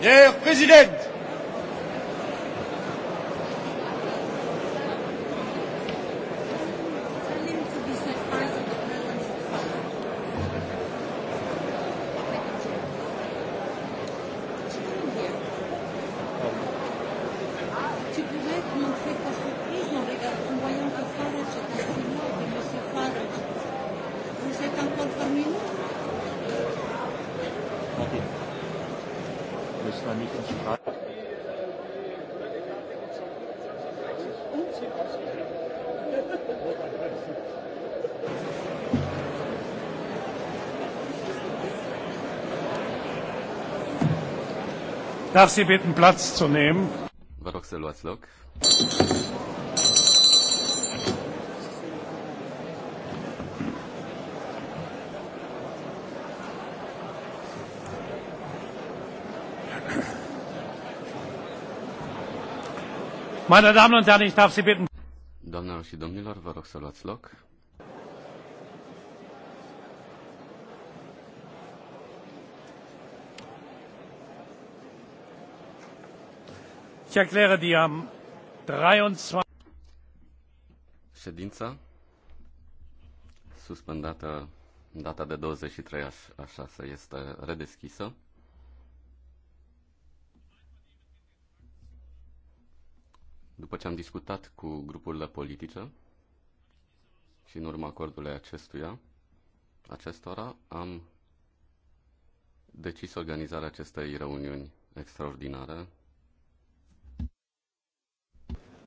Herr Präsident! müssen wir nicht ins Darf Sie bitten, Platz zu nehmen? Vă rog să luați loc. Doamnelor și domnilor, vă rog să luați loc. Ședința suspendată data de 23 așa să este redeschisă. după ce am discutat cu grupurile politice și în urma acordului acestuia, acestora, am decis organizarea acestei reuniuni extraordinare